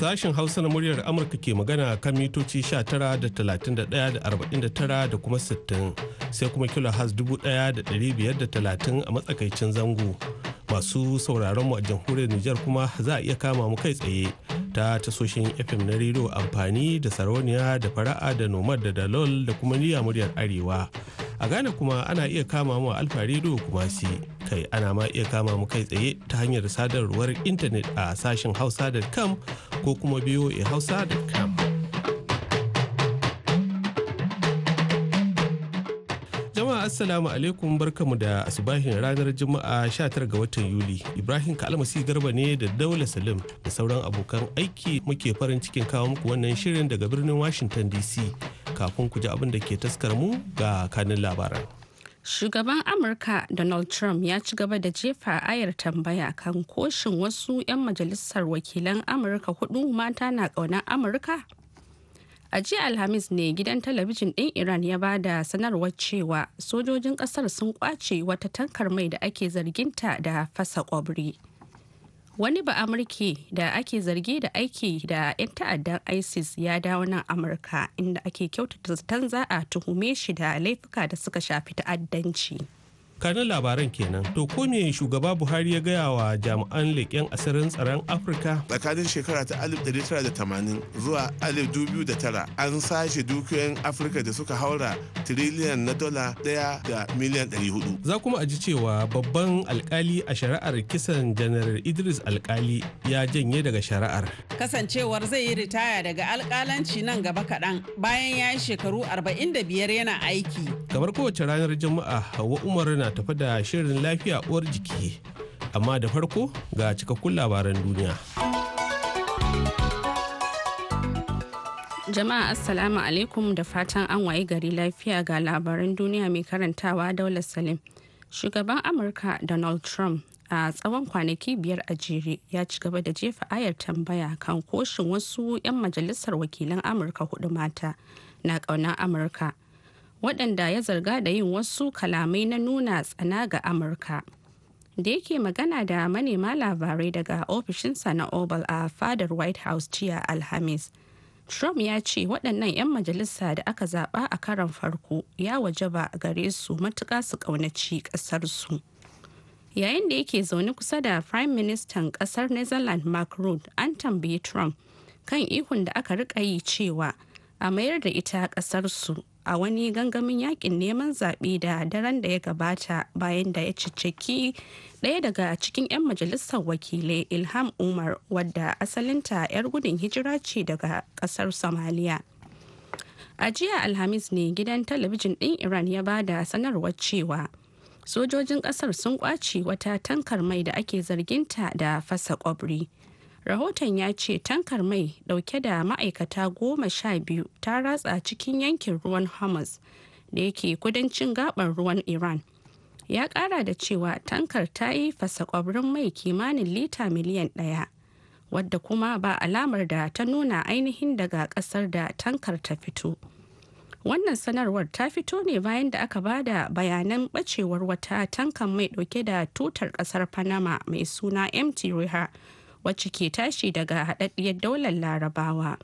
Sashen Hausa na muryar Amurka ke magana kan mitoci 19 da kuma 60 sai kuma kilo has 1530 a matsakaicin zango. Masu sauraron a jamhuriyar Nijar kuma za a iya kama mu kai tsaye ta tasoshin FM na redio amfani da sarauniya da fara'a da nomad da dalol da kuma niyya muryar arewa. A Ghana kuma ana iya kama mu a alfa rediyo kuma si. kai ana ma iya kama mu kai tsaye ta hanyar sadarwar intanet a sashen hausa.com ko kuma biyo Hausa da kam. jama'a assalamu alaikum barkamu da asubahin ranar juma'a 19 ga watan yuli ibrahim kalmasi garba ne da daula salim da sauran abokan aiki muke farin cikin kawo muku wannan shirin daga birnin washington dc kafin ku ji abin da ke taskar mu ga kanin labaran shugaban amurka donald trump ya ci gaba da jefa ayar tambaya kan koshin wasu 'yan majalisar wakilan amurka hudu mata na ƙaunar amurka a jiya alhamis ne gidan talabijin ɗin iran ya ba da sanarwar cewa sojojin ƙasar sun ƙwace wata tankar mai da ake zarginta da fasa ƙwabri. wani ba amurki da ake zargi da aiki da 'yan ta'addan isis ya dawo nan amurka inda ake kyautata zaton za a tuhume shi da laifuka da suka shafi ta'addanci kanan labaran kenan to ko me shugaba buhari ya gaya wa jami'an leƙen asirin tsaron afirka tsakanin shekara ta 1980 zuwa 2009 an sashe dukiyoyin afirka da suka haura tiriliyan na dola daya da miliyan 400 za kuma a ji cewa babban alkali a shari'ar kisan janar idris alkali ya janye daga shari'ar kasancewar zai yi ritaya daga alkalanci nan gaba kaɗan bayan ya yi shekaru 45 yana aiki kamar kowace ranar juma'a hawa umar na tafi da shirin lafiya uwar jiki amma da farko ga cikakkun labaran duniya jama'a assalamu alaikum da fatan an waye gari lafiya ga labaran duniya mai karantawa daular salim shugaban amurka donald trump a tsawon kwanaki biyar a jere ya ci gaba da jefa ayar tambaya kan koshin wasu 'yan majalisar wakilan amurka hudu mata na ƙaunar amurka waɗanda ya zarga da yin wasu kalamai na nuna tsana ga amurka da yake magana da manema labarai daga ofishinsa na oval a fadar white house jiya alhamis trump ya ce waɗannan 'yan majalisa da aka zaɓa a karon farko ya wajaba gare su matuƙa su ƙaunaci ƙasarsu yayin da yake zaune kusa da prime minister ƙasar netherlands mark Rutte an tambayi trump kan ihun da aka riƙa yi cewa a mayar da ita ƙasarsu a wani gangamin yakin neman zaɓe da daren da ya gabata bayan da ya cicciki ɗaya daga cikin 'yan majalisar wakilai ilham umar wadda asalinta 'yar gudun hijira ce daga ƙasar somaliya a jiya alhamis ne gidan talabijin ɗin iran ya ba da sanarwar cewa sojojin ƙasar sun kwace wata tankar mai da ake zarginta da fasa kwabri rahoton ya ce tankar mai dauke da ma'aikata goma sha biyu ta ratsa cikin yankin ruwan hamas da yake kudancin gabar ruwan iran ya kara da cewa tankar ta yi fasa fasakwabrin mai kimanin lita miliyan daya wadda kuma ba alamar da ta nuna ainihin daga kasar da tankar ta fito wannan sanarwar ta fito ne bayan da aka ba da bayanan bacewar wata tankan mai dauke da tutar kasar panama mai suna mt reha wacce ke tashi daga haɗaɗɗiyar daular larabawa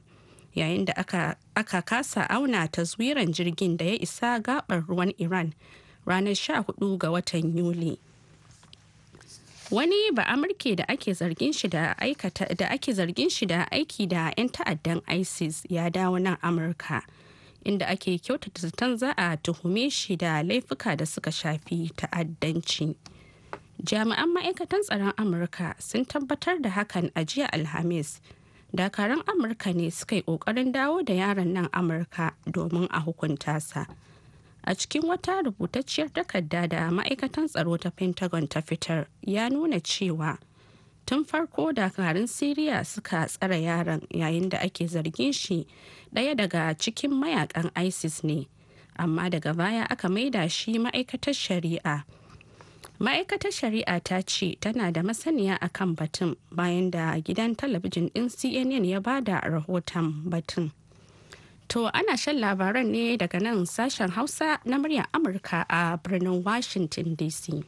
yayin da aka, kasa auna taswiran jirgin da ya isa gabar ruwan iran ranar 14 ga watan yuli wani ba amurke da ake zargin shi da da ake zargin shi da aiki da 'yan ta'addan isis ya dawo nan amurka inda ake kyautata zaton za a tuhume shi da laifuka da suka shafi ta'addanci. jami'an ma'aikatan tsaron amurka sun tabbatar da hakan a jiya alhamis dakaran amurka ne suka yi kokarin dawo da yaron nan amurka domin a hukunta sa a cikin wata rubutacciyar takarda da ma'aikatan tsaro ta pentagon ta fitar ya nuna cewa tun farko dakarun siriya suka tsara yaron yayin da ake zargin shi ɗaya daga cikin mayakan isis ne amma daga baya aka maida shi ma'aikatar shari'a ma'aikatar shari'a ta ce tana da masaniya a kan batun bayan da gidan talabijin din cnn ya bada rahoton batun to ana shan labaran ne daga nan sashen hausa na muryar amurka a birnin washington dc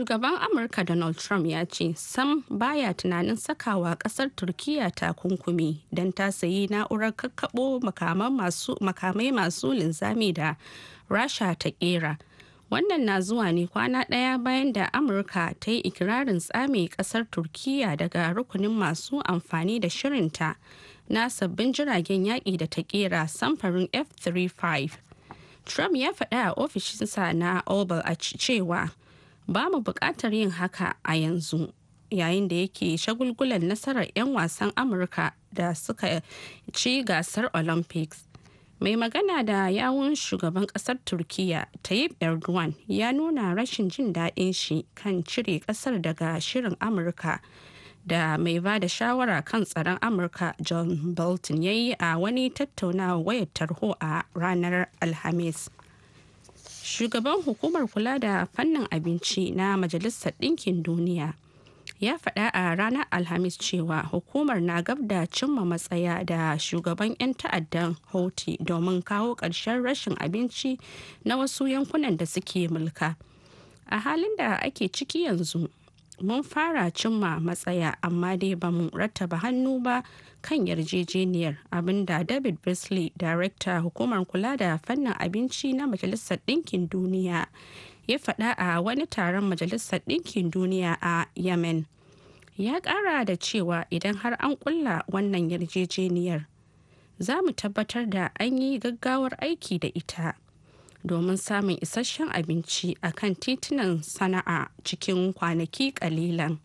shugaban amurka donald trump ya ce sam baya tunanin sakawa kasar turkiya takunkumi don ta sayi na'urar kakkaɓo makamai masu linzami da rasha ta kera wannan na zuwa ne kwana ɗaya bayan da amurka ta yi ikirarin tsame kasar turkiya daga rukunin masu amfani da shirinta na sabbin jiragen yaƙi da ta kera samfarin f-35 trump ya faɗa a ofishinsa na oval a cewa ba mu buƙatar yin haka a yanzu yayin da yake shagulgulan nasarar 'yan wasan amurka da suka ci gasar olympics mai magana da yawun shugaban kasar turkiya tayyip erdogan ya nuna rashin jin daɗin shi kan cire kasar daga shirin amurka da mai ba da shawara kan tsaron amurka john bolton ya yi a wani tattaunawa wayar tarho a ranar alhamis shugaban hukumar kula da fannin abinci na majalisar ɗinkin duniya ya faɗa a ranar alhamis cewa hukumar na gab da cimma matsaya da shugaban 'yan ta'addan houthi domin kawo ƙarshen rashin abinci na wasu yankunan da suke mulka a halin da ake ciki yanzu mun fara cimma matsaya amma dai ba mu rattaba hannu ba kan yarjejeniyar abinda david Beasley, darekta hukumar kula da fannin abinci na majalisar ɗinkin duniya ya faɗa a wani taron majalisar ɗinkin duniya a yemen ya ƙara da cewa idan har an ƙulla wannan yarjejeniyar za mu tabbatar da an yi gaggawar aiki da ita domin samun isasshen abinci a kan titunan sana'a cikin kwanaki kalilan.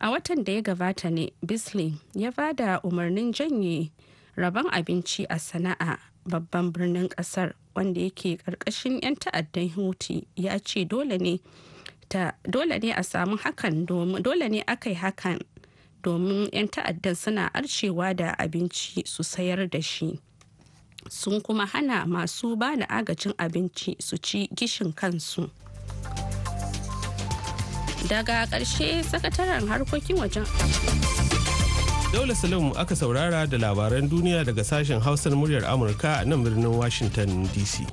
A watan da ya gabata ne Bisley ya bada umarnin janye rabon abinci a sana'a babban birnin kasar wanda yake karkashin 'yan ta'addan hutu ya ce dole ne dole ne a samu hakan dole ne aka yi hakan domin 'yan ta'addan suna arcewa da abinci su sayar da shi. sun kuma hana masu ba da agacin abinci su ci gishin kansu daga ƙarshe sakataren harkokin wajen Daula Salim aka saurara da labaran duniya daga sashen hausar muryar Amurka a nan birnin Washington DC.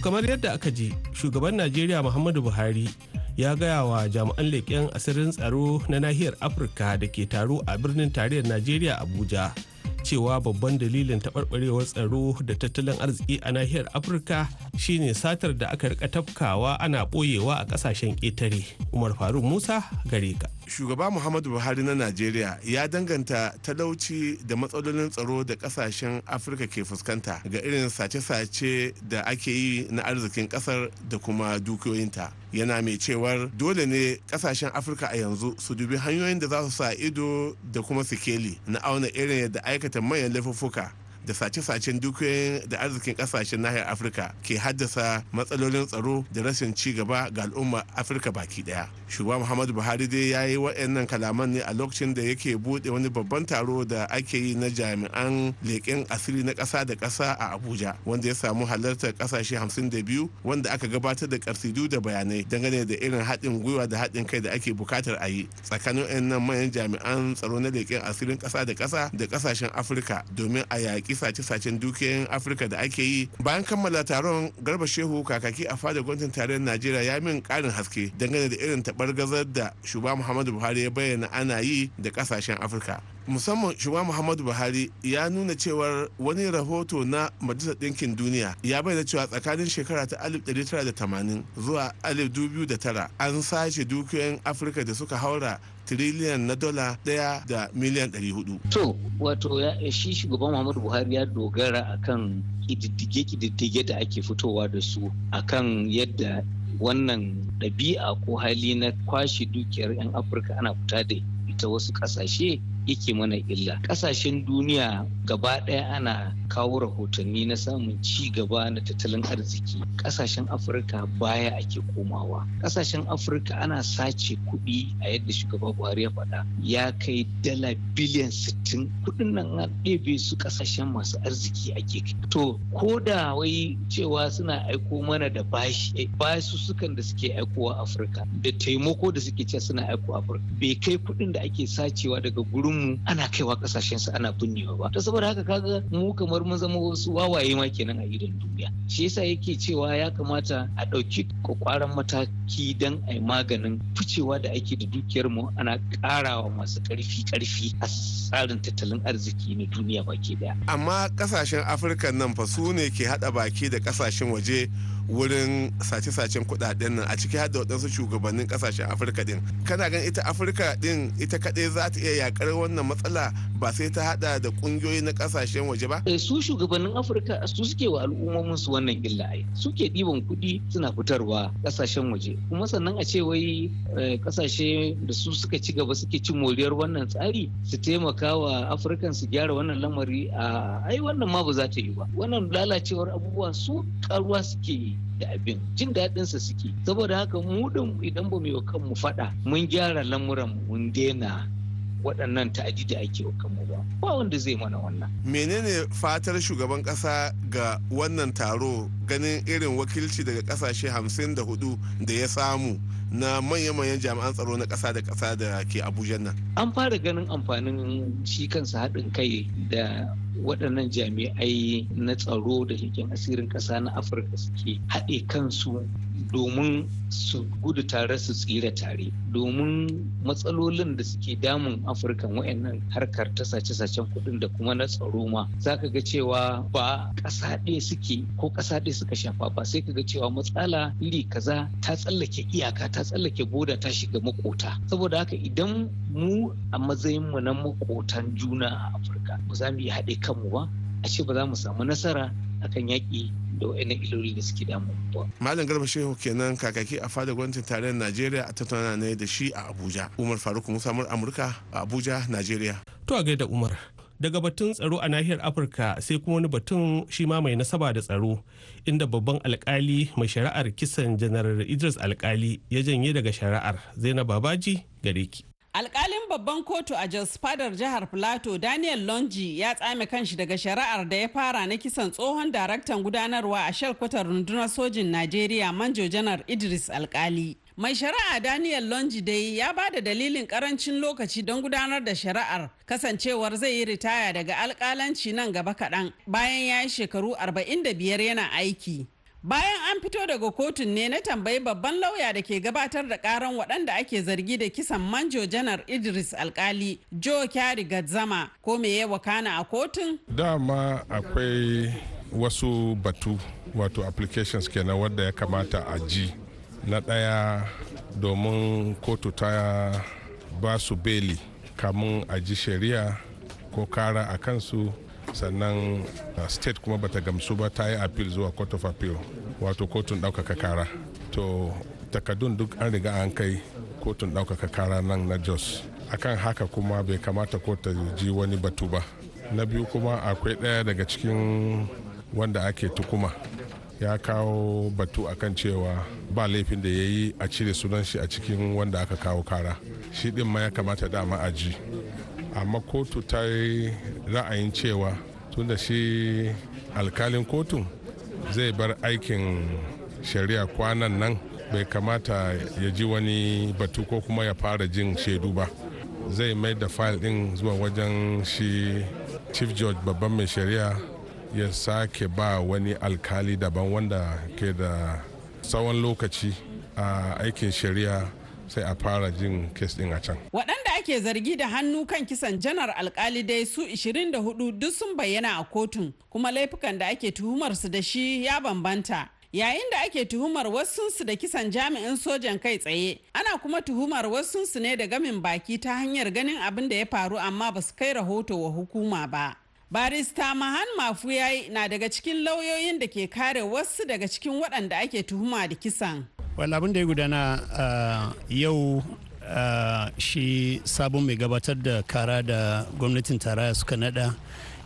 kamar yadda aka je shugaban najeriya muhammadu buhari ya gaya wa jami'an leƙen asirin tsaro na nahiyar afirka da ke taro a birnin tarayyar najeriya abuja cewa babban dalilin taɓarɓarewar tsaro da tattalin arziki a nahiyar afirka shine satar da aka rika tafkawa ana ɓoyewa a ƙasashen ƙetare umar faruk musa gare ka shugaba muhammadu buhari na najeriya ya danganta talauci da matsalolin tsaro da kasashen afirka ke fuskanta ga irin sace-sace da ake yi na arzikin kasar da kuma dukiyoyinta yana mai cewar dole ne kasashen afirka a yanzu su dubi hanyoyin da za su sa ido da kuma sikeli na auna irin yadda aikata manyan laifuffuka da sace-sacen dukiyoyin da arzikin kasashen nahiyar afirka ke haddasa matsalolin tsaro da rashin ci gaba ga al'umma afirka baki daya shugaba muhammadu buhari dai ya yi waɗannan kalaman ne a lokacin da yake buɗe wani babban taro da ake yi na jami'an leƙen asiri na ƙasa da ƙasa a abuja wanda ya samu halartar ƙasashe biyu wanda aka gabatar da ƙarsidu da bayanai dangane da irin haɗin gwiwa da haɗin kai da ake buƙatar a yi tsakanin nan manyan jami'an tsaro na leƙen asirin ƙasa da ƙasa da ƙasashen afirka domin a yaƙi kisace sace-sacen dukiyoyin afirka da ake yi bayan kammala taron garba shehu kakaki a fadar gwamnatin tarayyar najeriya ya min karin haske dangane da irin taɓar gazar da shugaba muhammadu buhari ya bayyana ana yi da kasashen afirka musamman shugaba muhammadu buhari ya nuna cewar wani rahoto na majalisar ɗinkin duniya ya bayyana cewa tsakanin shekara ta 1980 zuwa 2009 an sace dukiyoyin afirka da suka haura tiriliyan na dola ɗaya da miliyan 400 to wato shi shugaban muhammadu buhari ya dogara akan kididdige-kididdige da ake fitowa da su akan yadda wannan ɗabi'a ko hali na kwashe dukiyar 'yan afirka ana fita da ita wasu ƙasashe. yake mana illa ƙasashen duniya gaba ɗaya ana kawo rahotanni na samun ci gaba na tattalin arziki kasashen afirka baya ake komawa kasashen afirka ana sace kuɗi a yadda shugaba buhari ya faɗa ya kai dala biliyan 60 kuɗin nan an ɗebe su kasashen masu arziki ake to ko da wai cewa suna aiko mana da bashi eh, su sukan da suke aikowa afirka da taimako da suke ce suna aiko afirka bai kai kuɗin da ake sacewa daga gurinmu ana kaiwa kasashen su ana binnewa ba to saboda haka kaga mu kamar kamar mun zama wasu wawaye ma kenan a gidan duniya shi yasa yake cewa ya kamata a ɗauki kwakwaran mataki don a yi maganin ficewa da ake da dukiyar mu ana ƙarawa masu ƙarfi ƙarfi a tsarin tattalin arziki na duniya baki daya amma ƙasashen afirka nan fa su ne ke haɗa baki da ƙasashen waje wurin sace-sacen kudaden nan a ciki har waɗansu shugabannin kasashen afirka din kana gan ita afirka din ita kaɗai za ta iya yakar wannan matsala ba sai ta hada da ƙungiyoyi na kasashen waje ba eh, su shugabannin afirka su suke wa al'ummomin su wannan illa ai suke ɗiban kuɗi suna fitarwa kasashen waje kuma sannan a ce wai kasashe eh, da su suka ci gaba suke cin moriyar wannan tsari su taimaka wa afirkan su gyara wannan lamari a ai wannan ma ba za ta yi ba wannan lalacewar abubuwa su karuwa suke yi da abin jin daɗinsa suke saboda haka mu ɗin idan ba mu yi kanmu faɗa mun gyara lamuran mun daina waɗannan ta'adi da ake wa kanmu ba ba wanda zai mana wannan menene fatar shugaban ƙasa ga wannan taro ganin irin wakilci daga ƙasashe hamsin da hudu da ya samu na manya-manyan jami'an tsaro na ƙasa da ƙasa da ke abuja nan an fara ganin amfanin shi kansa haɗin kai da waɗannan jami'ai na tsaro da leƙen asirin ƙasa na afirka suke haɗe kansu domin su gudu tare su tsira tare domin matsalolin da suke damun afirka wayannan harkar ta sace-sacen kuɗin da kuma na tsaro ma za ka ga cewa ba ƙasa ɗaya suke ko ƙasa ɗaya suka shafa ba sai ka ga cewa matsala iri kaza ta tsallake iyaka ta tsallake boda ta shiga makota saboda haka idan mu a matsayin mu na makotan juna a afirka ba za mu yi haɗe kanmu ba a ce ba za mu samu nasara kan yaƙi da wa'annan iloli da suke damu. Malam Garba Shehu kenan kakaki a fadar gwamnatin tarayyar Najeriya a tattauna ne da shi a Abuja. Umar Faruk Musa Amurka a Abuja, Najeriya. To a gaida Umar. daga batun tsaro a nahiyar afirka sai kuma wani batun shi ma mai nasaba da tsaro inda babban alkali mai shari'ar kisan janar idris alkali ya janye daga shari'ar zainab babaji gare ki alkalin babban kotu a jos fadar jihar plateau daniel longi ya tsame kanshi daga shari'ar da ya fara na kisan tsohon daraktan gudanarwa a shalkwatar rundunar sojin najeriya manjo janar idris alkali mai shari'a daniel longi dai ya ba da dalilin karancin lokaci don gudanar da shari'ar kasancewar zai yi ritaya daga alkalanci nan gaba kaɗan bayan ya yi shekaru 45 yana aiki Bayan an fito daga kotun ne na tambayi babban lauya da ke gabatar da karan waɗanda ake zargi da kisan manjo janar Idris alkali Joe Kyari Gadzama ko me ya wakana a kotun? Dama akwai wasu batu wato applications kenan wadda ya kamata a ji na ɗaya domin kotu ta ba su beli kamun a ji shari'a ko kara a kansu sannan ah, state kuma bata gamsu ba ta yi appeal zuwa court of appeal wato kotun ɗaukaka kara to takardun duk an riga an kai kotun ɗaukaka kara nan na jos akan haka kuma bai kamata ko ta ji wani batu ba na biyu kuma akwai ɗaya daga cikin wanda ake tukuma ya kawo batu akan cewa ba laifin da ya yi a cire sunan shi a cikin wanda aka kawo kara shi ɗin ma ya kamata dama a ji amma kotu ta yi ra'ayin cewa tun da shi alkalin kotu zai bar aikin shari'a kwanan nan bai kamata ya ji wani batu ko kuma ya fara jin shaidu ba zai mai da fayil din zuwa wajen shi chief judge babban mai shari'a ya sake ba wani alkali daban wanda ke da tsawon lokaci a aikin shari'a sai a fara jin kes din a can ake zargi da hannu kan kisan janar alkali dai su 24 duk sun bayyana a kotun kuma laifukan da ake tuhumarsu da shi ya bambanta. Yayin da ake tuhumar wasunsu da kisan jami'in sojan kai tsaye, ana kuma tuhumar wasunsu ne da gamin baki ta hanyar ganin abin da ya faru amma ba su kai rahoto wa hukuma ba. barista mahan mafuyayi na daga cikin lauyoyin da ke kare wasu daga cikin waɗanda ake tuhuma da kisan wani abin da ya gudana ah, yau Eh, shi sabon mai gabatar da kara da gwamnatin tarayya suka nada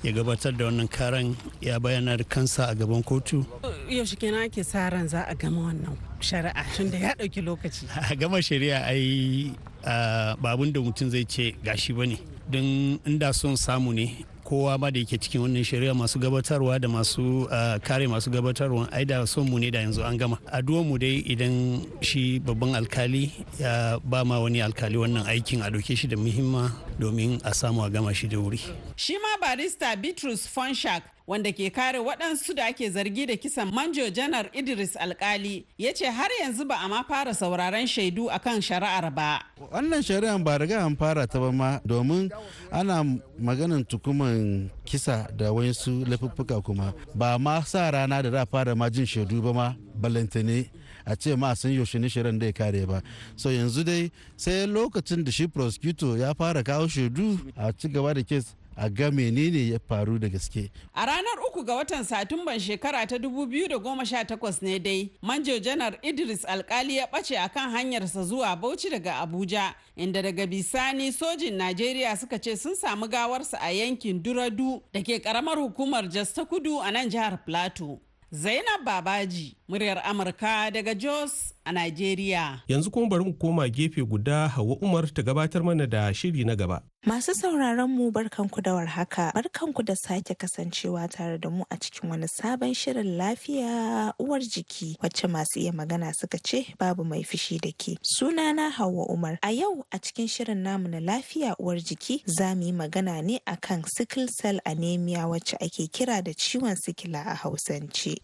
ya gabatar da wannan karan ya bayyana da kansa a gaban kotu. yaushe kenan ake sa ran za a gama wannan shari'a tun da ya ɗauki lokaci. a gama shari'a ai eh, babun da mutum zai ce gashi ba ne don inda son samu ne kowa ba da yake cikin wannan shari'a masu gabatarwa da masu ah, kare masu gabatarwa ai da son mu ne da yanzu an gama addu'ar mu dai idan shi babban alkali ya ba ma wani alkali wannan aikin a dauke shi da muhimma domin a samu a gama shi da wuri shi ma barista Bitrus Fonshak wanda ke kare waɗansu da ake zargi da kisan manjo janar idris alkali ya ce har yanzu ba a ma fara sauraron shaidu a kan shari'ar ba wannan shari'ar ba riga an fara ta ba ma domin ana maganin tukuman kisa da wayansu laifuffuka kuma ba ma sa rana da za fara ma jin shaidu ba ma balantane a ce ma sun yaushe ne shirin da ya kare ba so yanzu dai sai lokacin da shi prosecutor ya fara kawo shaidu a ci gaba da kes a ga menene ya faru da gaske. A ranar uku ga watan Satumban shekara ta 2018 ne dai, Manjo Janar Idris Alkali ya ɓace a kan hanyarsa zuwa Bauchi daga Abuja, inda daga bisani sojin Najeriya suka ce sun samu gawarsa a yankin Duradu da ke ƙaramar hukumar Jasta Kudu a nan jihar Plateau. Zainab Babaji, muryar Amurka daga Jos a Najeriya. Yanzu kuma bari mu koma gefe guda Hauwa Umar ta gabatar mana da shiri na gaba. Masu sauraron mu barkanku da warhaka, barkanku da sake kasancewa tare da mu a cikin wani sabon shirin lafiya uwar jiki wacce masu iya magana suka ce babu mai fishi da ke. Sunana Hauwa Umar. A yau a cikin shirin namu na lafiya uwar jiki za mu yi magana ne akan sickle cell anemia wacce ake kira da ciwon sikila a Hausance.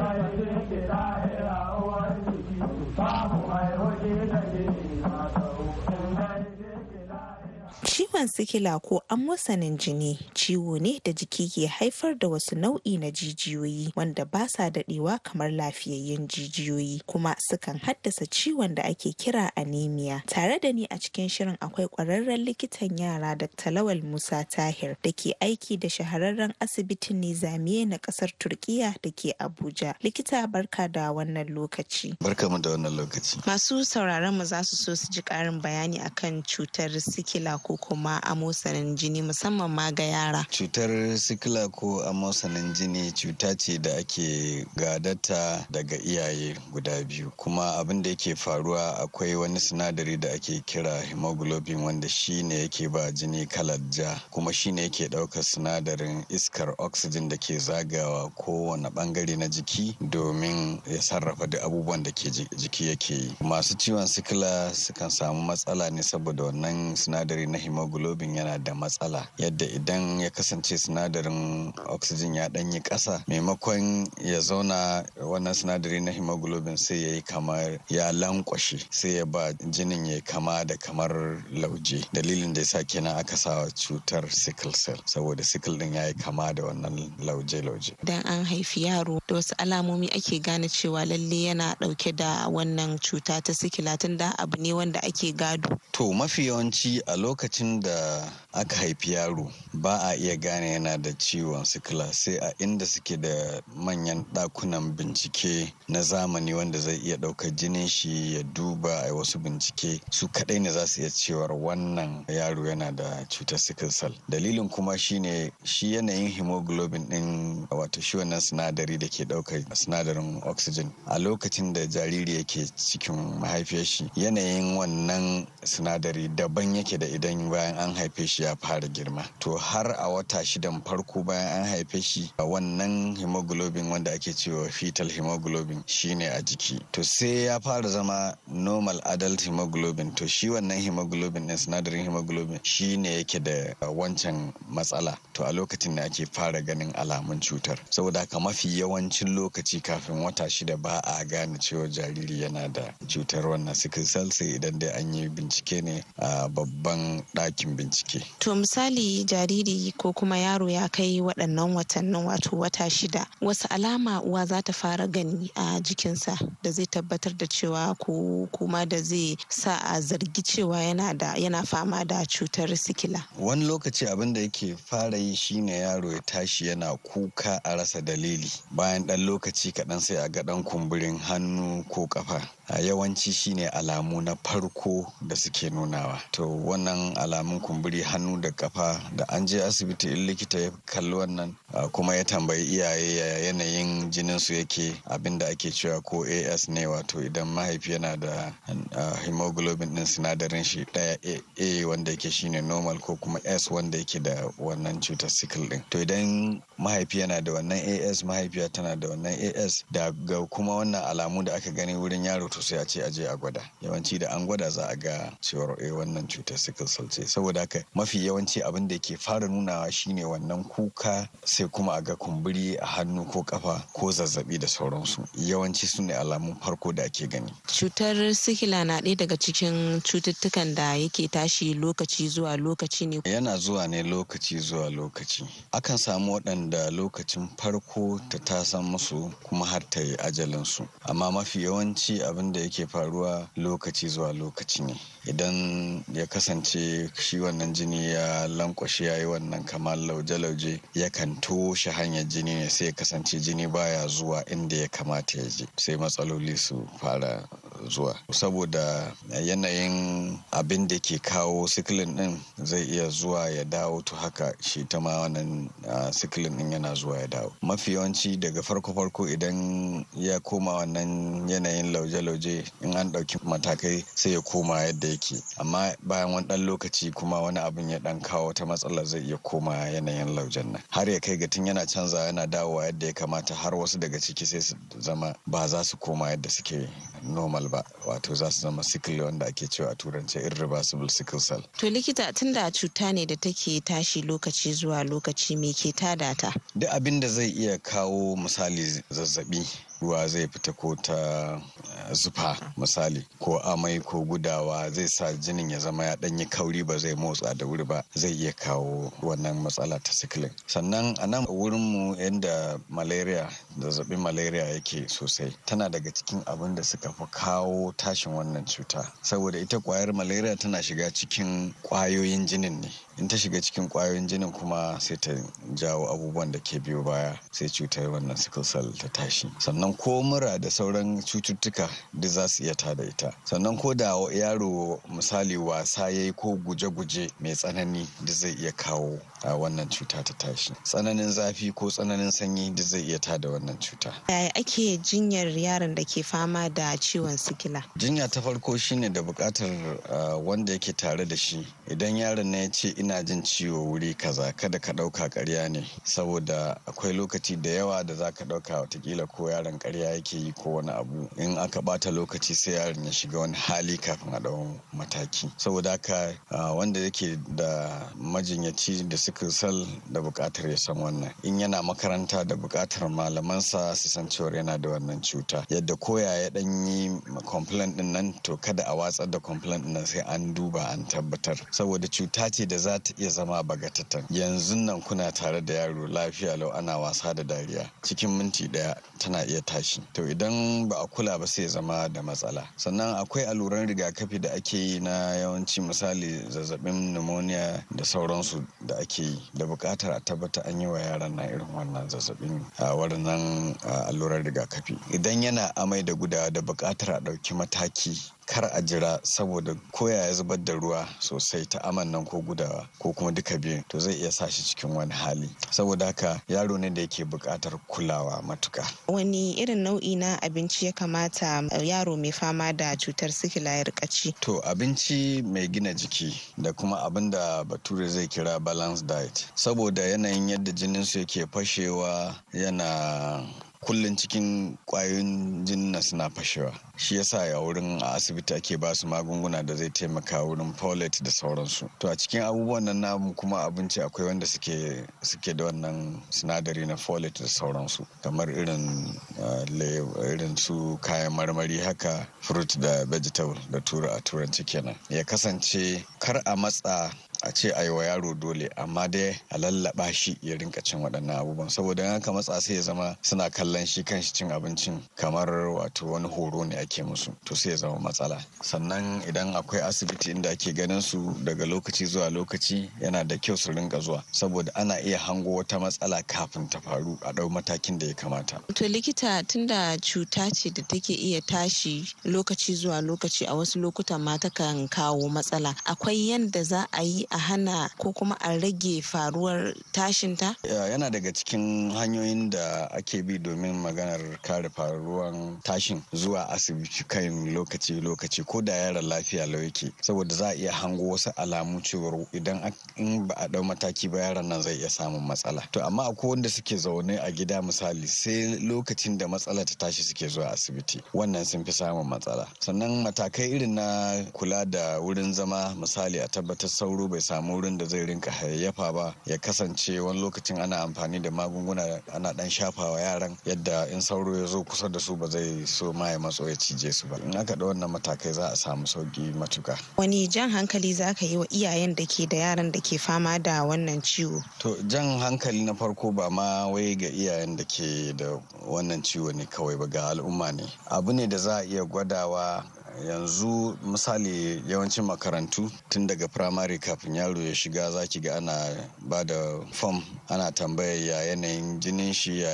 Thank you. ciwon sikila ko amusanin jini ciwo ne da jiki ke haifar da wasu nau'i na jijiyoyi wanda ba sa daɗewa kamar lafiyayyen jijiyoyi kuma sukan haddasa ciwon da ake kira anemia. Tare da ni a cikin shirin akwai ƙwararren likitan yara da Talawal Musa Tahir da ke aiki da shahararren asibitin Nizamiye na ƙasar Turkiya da ke Abuja. Likita barka da wannan lokaci. Barka mu da wannan lokaci. Masu sauraron mu za su so su ji ƙarin bayani akan cutar sikila ko kuma kuma amosanin jini musamman ma ga yara. Cutar sikila ko amosanin jini cuta ce da ake gadata daga iyaye guda biyu kuma abin da yake faruwa akwai wani sinadari da ake kira hemoglobin wanda shi ne yake ba jini kalar ja kuma shi ne yake ɗaukar sinadarin iskar oxygen da ke zagawa kowane bangare na jiki domin ya sarrafa da abubuwan da ke jiki yake yi masu ciwon sikila sukan samu matsala ne saboda wannan sinadari na hemoglobin hemoglobin yana da matsala yadda idan ya kasance sinadarin oxygen ya danyi kasa maimakon ya zauna wannan sinadari na hemoglobin sai ya yi kamar ya lankwashe sai ya ba jinin ya kama da kamar lauje dalilin da ya sa kenan aka sa cutar sickle cell saboda sickle din ya yi kama da wannan lauje-lauje dan an haifi yaro da wasu alamomi ake gane cewa lalle yana dauke da wannan cuta ta sikila tun da abu ne wanda ake gado to mafi yawanci a lokacin da da aka haifi yaro ba a iya gane yana da ciwon sikila sai a inda suke da manyan ɗakunan bincike na zamani wanda zai iya ɗaukar jinin shi ya duba a wasu bincike su kaɗai ne za su iya cewar wannan yaro yana da cutar sickle dalilin kuma shine shi yanayin hemoglobin ɗin wato shi wannan sinadari da ke ɗaukar sinadarin oxygen a lokacin da jariri yake cikin mahaifiyar shi yanayin wannan sinadari daban yake da idan bayan an haife shi ya fara girma to har a wata shidan farko bayan an haife shi a wannan hemoglobin wanda ake cewa fetal hemoglobin shine a jiki to sai ya fara zama normal adult hemoglobin to shi wannan hemoglobin na sinadarin hemoglobin shine yake da wancan matsala to a lokacin da ake fara ganin alamun cutar saboda ka mafi yawancin lokaci kafin wata shida ba a gane cewa jariri yana da cutar wannan sickle cell sai idan dai an yi bincike ne a babban ɗaki aikin bincike. To misali jariri ko kuma yaro ya kai waɗannan watannin wato wata shida wasu alama uwa za ta fara gani a jikinsa da zai tabbatar da cewa ko kuma da zai sa a zargi cewa yana da yana fama da cutar sikila. Wani lokaci abin da yake fara yi shine yaro ya tashi yana kuka a rasa dalili bayan ɗan lokaci kaɗan sai a ga ɗan kumburin hannu ko ƙafa yawanci shine alamu na farko da suke nunawa to wannan alamun kumburi hannu da kafa da an je asibiti in likita ya kalli wannan kuma ya tambayi iyaye ya yanayin jinin su yake abinda ake cewa ko as ne wato idan mahaifi yana da hemoglobin din sinadarin shi daya a wanda yake shine normal ko kuma s wanda yake da wannan cutar sickle din to idan mahaifi yana da wannan as mahaifiya tana da wannan as da kuma wannan alamu da aka gani wurin yaro to to sai a ce aje a gwada yawanci da an gwada za a ga cewar eh wannan cutar sickle cell ce saboda haka mafi yawanci abin da ke fara nunawa shine wannan kuka sai kuma a ga kumburi a hannu ko kafa ko zazzabi da sauransu yawanci su ne alamun farko da ake gani cutar sikila na ɗaya daga cikin cututtukan da yake tashi lokaci zuwa lokaci ne yana zuwa ne lokaci zuwa lokaci akan samu waɗanda lokacin farko ta san musu kuma har ta yi ajalinsu amma mafi yawanci abin abin da yake faruwa lokaci zuwa lokaci ne idan ya kasance shi wannan jini ya lankwashe ya yi wannan kamar lauje-lauje ya kan toshe hanyar jini ne sai ya kasance jini baya zuwa inda ya kamata ya je sai matsaloli su fara zuwa saboda yanayin abin da ke kawo siklin din zai iya zuwa ya dawo to haka shi ta ma wannan siklin din yana zuwa ya dawo mafi yawanci daga farko farko idan ya koma wannan yanayin lauje-lauje in an ɗauki matakai sai ya koma yadda yake amma bayan wani ɗan lokaci kuma wani abin ya ɗan kawo ta matsala zai iya koma yanayin laujen nan har ya kai ga tun yana canza yana dawowa yadda ya kamata har wasu daga ciki sai su zama ba za su koma yadda suke normal ba wato za su zama sickle wanda ake cewa a turance irreversible sickle cell to likita tun da cuta ne da take tashi lokaci zuwa lokaci me ke tada ta duk abin da zai iya kawo misali zazzabi ruwa zai fita ko ta eh, zufa misali ko amai ko gudawa zai sa jinin ya zama ya danyi kauri ba zai motsa da wuri ba zai iya kawo wannan matsala ta sikilin. sannan a nan wurin mu yadda malaria zazzabin malaria yake sosai tana daga cikin abin da suka fi kawo tashin wannan cuta saboda ita kwayar malaria tana shiga cikin kwayoyin jinin ne in ta shiga cikin kwayoyin jinin kuma sai ta jawo abubuwan da ke biyo baya sai cutar wannan sickle cell ta tashi sannan ko mura da sauran cututtuka da za su iya tada ita sannan ko da yaro misali wasa ya yi ko guje-guje mai tsanani da zai iya kawo a wannan cuta ta tashi tsananin zafi ko tsananin sanyi da zai iya tada wannan cuta yaya ake jinyar yaron da ke fama da ciwon sikila jinya ta farko shine da bukatar wanda yake tare da shi idan yaron na ya ce ina jin ciwo wuri kaza kada ka ɗauka karya ne saboda akwai lokaci da yawa da za ka ɗauka watakila ko yaron karya yake yi ko wani abu in aka bata lokaci sai yaron ya shiga wani hali kafin a dau mataki saboda haka wanda yake da majinyaci da suka sal da buƙatar ya san wannan in yana makaranta da buƙatar malamansa su san cewar yana da wannan cuta yadda koya ya ɗan yi complaint din nan to kada a watsar da complaint din nan sai an duba an tabbatar saboda cuta ce da za ta iya zama bagatatan yanzu nan kuna tare da yaro lafiya lau ana wasa da dariya cikin minti daya tana iya tashi to idan ba a kula ba sai zama da matsala sannan akwai alluran rigakafi da ake yi na yawanci misali zazzabin pneumonia da sauransu da ake yi da bukatar a tabbata an yi wa yaran na irin wannan zazzabin a waɗannan alluran rigakafi idan yana amai da gudawa da bukatar a ɗauki mataki kar a jira saboda koya ya zubar da ruwa sosai ta aman nan ko gudawa ko kuma duka biyu to zai iya sa shi cikin wani hali saboda haka yaro ne da yake buƙatar kulawa matuka wani irin nau'i na abinci ya kamata yaro mai fama da cutar sikila ya rika ci to abinci mai gina jiki da kuma abin da bature zai kira balance diet saboda yanayin yadda jinin su yake fashewa yana kullum cikin kwayoyin jinna suna fashewa shi yasa ya wurin a asibiti ake ba su magunguna da zai taimaka wurin folate da sauransu to a cikin abubuwan nan namu kuma abinci akwai wanda suke suke da wannan sinadari na folate da sauransu kamar irin irin su kayan marmari haka fruit da vegetable da tura a turanci kenan ya kasance kar a matsa a ce a yi wa yaro dole amma dai a lallaba shi ya rinka cin waɗannan abubuwan saboda yan matsa sai ya zama suna kallon shi kan shi cin abincin kamar wato wani horo ne ake musu to sai ya zama matsala sannan idan akwai asibiti inda ake ganin su daga lokaci zuwa lokaci yana da kyau su rinka zuwa saboda ana iya hango wata matsala kafin ta faru a ɗau matakin da ya kamata. To likita tunda cuta ce da take iya tashi lokaci zuwa lokaci a wasu lokutan ma takan kawo matsala akwai yadda za a yi a hana ko kuma a rage faruwar tashin ta? Yana daga cikin hanyoyin da ake bi domin maganar kare faruwan tashin zuwa asibiti kan lokaci-lokaci ko da yaran lafiya lau yake saboda za a iya hango wasu alamu cewar idan ba a dau mataki ba yaran nan zai iya samun matsala. To amma akwai wanda suke zaune a gida misali sai lokacin da matsala ta tashi suke zuwa asibiti wannan sun fi samun matsala. Sannan matakai irin na kula da wurin zama misali a tabbatar sauro bai bai samu wurin da zai rinka hayayyafa ba ya kasance wani lokacin ana amfani da magunguna ana dan shafawa yaran yadda in sauro ya zo kusa da su ba zai so ma ya matso ya cije su ba in aka da wannan matakai za a samu sauki matuka wani jan hankali za ka yi wa iyayen da ke da yaran da ke fama da wannan ciwo to jan hankali na farko ba ma wai ga iyayen da ke da wannan ciwo ne kawai ba ga al'umma ne abu ne da za a iya gwadawa yanzu misali yawancin makarantu tun daga firamare kafin yaro ya shiga za ki ga ana ba da fom ana tambaya ya yanayin jinin shi ya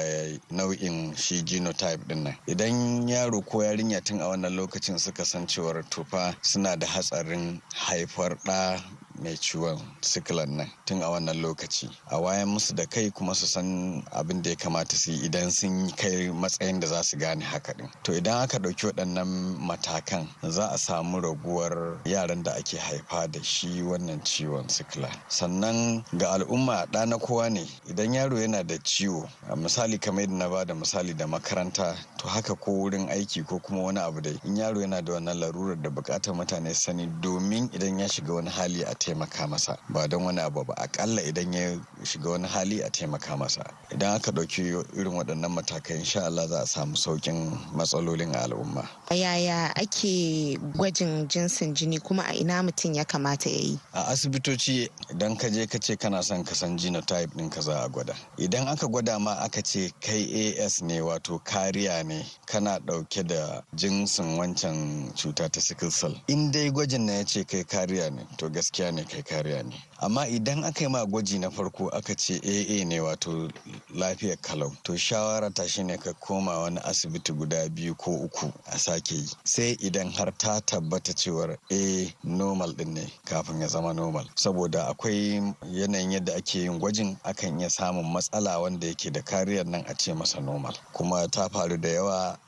nau'in shi genotype din nan idan yaro ko yarinya tun a wannan lokacin suka san cewar tufa suna da hatsarin haifar ɗa. mai ciwon sikilan nan tun a wannan lokaci a wayan musu da kai kuma su san abin da ya kamata su yi idan sun kai matsayin da za su gane haka din to idan aka ɗauki waɗannan matakan za a samu raguwar yaran da ake haifa da shi wannan ciwon sikila sannan ga al'umma ɗa na kowa ne idan yaro yana da ciwo misali kamar yadda na bada misali da makaranta to haka ko wurin aiki ko kuma wani abu dai in yaro yana da wannan larurar da bukatar mutane sani domin idan ya shiga wani hali a taimaka masa ba don wani abu ba akalla idan ya shiga wani hali a taimaka masa idan aka ɗauki irin waɗannan matakai insha Allah za a samu saukin matsalolin al'umma yaya ake gwajin jinsin jini kuma a ina mutum ya kamata ya yi a asibitoci idan ka je ka ce kana son ka san genotype ɗin ka za a gwada idan aka gwada ma aka ce kai as ne wato kariya ne kana ɗauke da jinsin wancan cuta ta sickle cell in dai gwajin na ya ce kai kariya ne to gaskiya ne kai kariya ne amma idan aka yi ma gwaji na farko aka ce aa ne wato lafiyar kalau to shawara ta shine ka koma wani asibiti guda biyu ko uku a sake yi sai idan har ta tabbata cewar a normal din ne kafin ya zama normal saboda akwai yanayin yadda ake yin gwajin akan iya samun matsala wanda yake da kariyar nan a ce masa normal kuma ta faru da yawa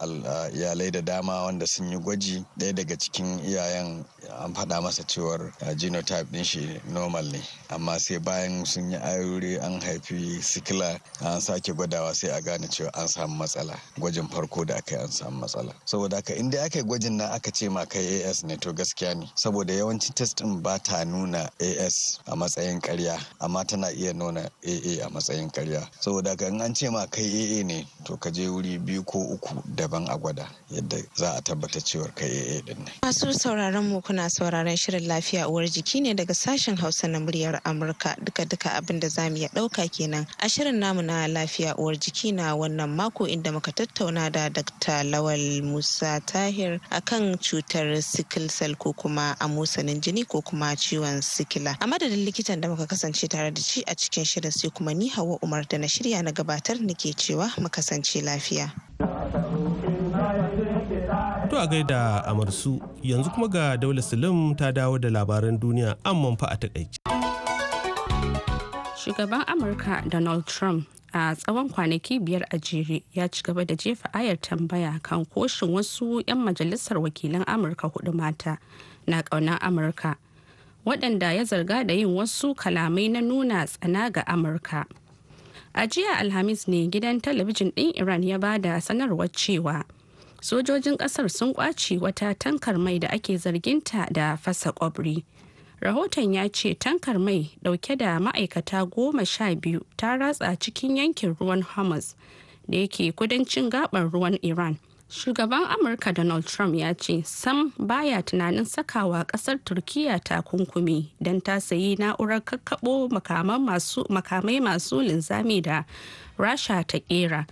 iyalai da dama wanda sun yi gwaji daya daga cikin iyayen an faɗa masa cewar genotype din shi normal ne ne amma sai bayan sun yi aure an haifi sikila an sake gwadawa sai a gane cewa an samu matsala gwajin farko da aka yi an samu matsala saboda haka in dai aka yi gwajin nan aka ce ma kai as ne to gaskiya ne saboda yawancin test din ba ta nuna as a matsayin karya amma tana iya nuna aa a matsayin karya saboda haka in an ce ma kai aa ne to ka je wuri biyu ko uku daban a gwada yadda za a tabbata cewar kai aa din ne masu sauraron mu kuna sauraron shirin lafiya uwar jiki ne daga sashen hausa na muryar Amurka duka-duka abin da za mu iya ɗauka kenan. A shirin namu na lafiya uwar jiki na wannan mako inda muka tattauna da Dr. Lawal Musa Tahir akan cutar sickle cell ko kuma amosanin jini ko kuma ciwon sikila. A madadin likitan da muka kasance tare da shi a cikin shirin sai kuma ni Hawa Umar da na shirya na gabatar nake cewa mu kasance lafiya. To a gaida Amarsu yanzu kuma ga Daula Salim ta dawo da labaran duniya amman fa a takaice. shugaban amurka donald trump a tsawon kwanaki biyar a jere ya ci gaba da jefa ayar tambaya kan koshin wasu 'yan majalisar wakilan amurka hudu mata na ƙaunar amurka waɗanda ya zarga da yin wasu kalamai na nuna tsana ga amurka a jiya alhamis ne gidan talabijin ɗin iran ya ba da sanarwar cewa sojojin ƙasar sun kwace wata tankar mai da ake zarginta da fasa kwabri rahoton ya ce tankar mai dauke da ma'aikata goma sha biyu ta ratsa cikin yankin ruwan hamas da yake kudancin gabar ruwan iran shugaban amurka donald trump ya ce sam baya tunanin sakawa kasar turkiya takunkumi don ta sayi na'urar kakkaɓo makamai masu linzami da rasha ta kera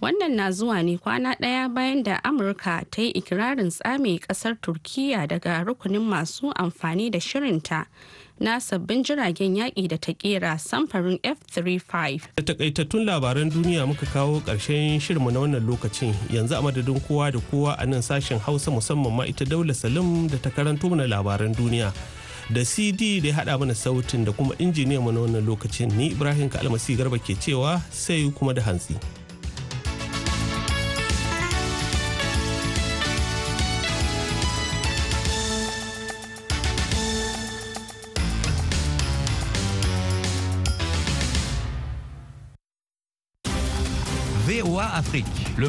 wannan na zuwa ne kwana ɗaya bayan da amurka ta yi ikirarin tsame ƙasar turkiyya daga rukunin masu amfani da shirinta na sabbin jiragen yaƙi da ta kera samfarin F-35. Da takaitattun labaran duniya muka kawo ƙarshen shirinmu na wannan lokacin yanzu a madadin kowa da kowa a nan sashen Hausa musamman ma ita Daula Salim da ta karanto mana labaran duniya. Da CD da ya haɗa mana sautin da kuma injiniyan mu na wannan lokacin ni Ibrahim Kalmasi Garba ke cewa sai kuma da hantsi. Afrique. Le monde